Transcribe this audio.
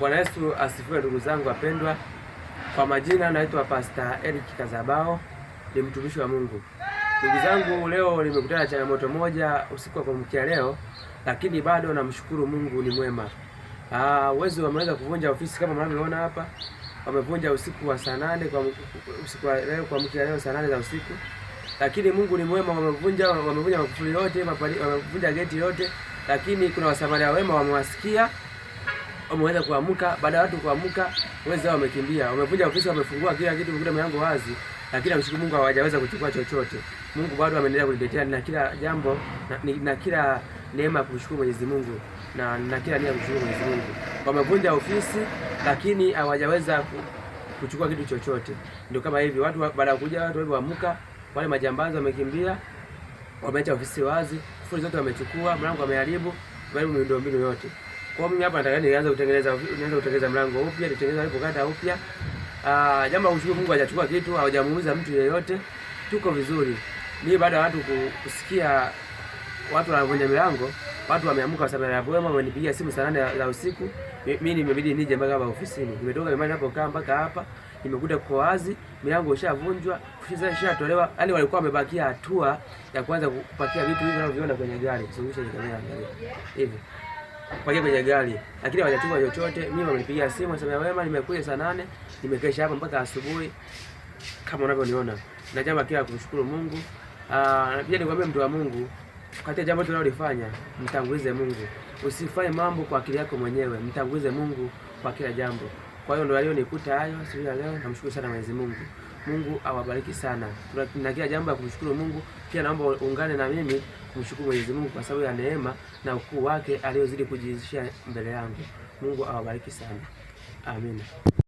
Bwana Yesu asifiwe, ndugu zangu wapendwa. Kwa majina naitwa Pastor Eric Kazabao, ni mtumishi wa Mungu. Ndugu zangu, leo nimekutana na changamoto moja usiku wa kuamkia leo, lakini bado namshukuru Mungu, ni mwema. Ah, wezi wameweza kuvunja ofisi kama mnavyoona hapa, wamevunja usiku wa saa nane kwa usiku wa leo kuamkia leo saa nane za usiku, lakini Mungu ni mwema. Wamevunja wamevunja makufuri yote, wamevunja geti yote, lakini kuna wasamaria wema wamewasikia wameweza kuamka. Baada ya watu kuamka, wenzao wamekimbia, wamevunja ofisi, wamefungua kila kitu, kukuta milango wazi, lakini amshukuru Mungu hawajaweza kuchukua chochote. Mungu bado ameendelea kunitetea na kila jambo na, na kila neema ya kumshukuru Mwenyezi Mungu na na kila nia kumshukuru Mwenyezi Mungu. Wamevunja ofisi lakini hawajaweza kuchukua kitu chochote. Ndio kama hivi watu baada ya kuja watu waamka, wale majambazi wamekimbia, wameacha ofisi wazi, fuli zote wamechukua, mlango wameharibu, wameharibu miundombinu yote. Kwa mimi hapa nataka nianze kutengeneza nianze kutengeneza mlango upya, nitengeneza hapo kata upya. Ah, jamaa kushukuru Mungu hajachukua kitu, hajamuuza mtu yeyote. Tuko vizuri. Ni baada ya watu kusikia watu wanavunja milango, watu wameamka kwa sababu ya wema wamenipigia simu saa nane za usiku. Mimi nimebidi nije mpaka hapa ofisini. Nimetoka nyumbani hapo kaa mpaka hapa. Nimekuta kwa wazi milango ishavunjwa, kushiza ishatolewa. Yaani walikuwa wamebakia hatua ya kwanza kupakia vitu hivi unavyoviona kwenye gari. Suluhisha ni kamera hivi pakia kwenye gari, lakini hawajatuma chochote. Mimi wamenipigia simu wasema Wema, nimekuja saa nane nimekesha hapa mpaka asubuhi kama unavyoniona, na jambo kila kumshukuru Mungu. Aa, ah, pia nikwambie mtu wa Mungu, katika jambo tunalolifanya mtangulize Mungu, usifanye mambo kwa akili yako mwenyewe, mtangulize Mungu kwa kila jambo. Kwa hiyo ndio alionikuta hayo siku ya leo, namshukuru sana Mwenyezi Mungu. Mungu awabariki sana. Tuna kila jambo ya kumshukuru Mungu. Pia naomba uungane na mimi kumshukuru Mwenyezi Mungu kwa sababu ya neema na ukuu wake aliyozidi kujizidishia mbele yangu. Mungu awabariki sana, amina.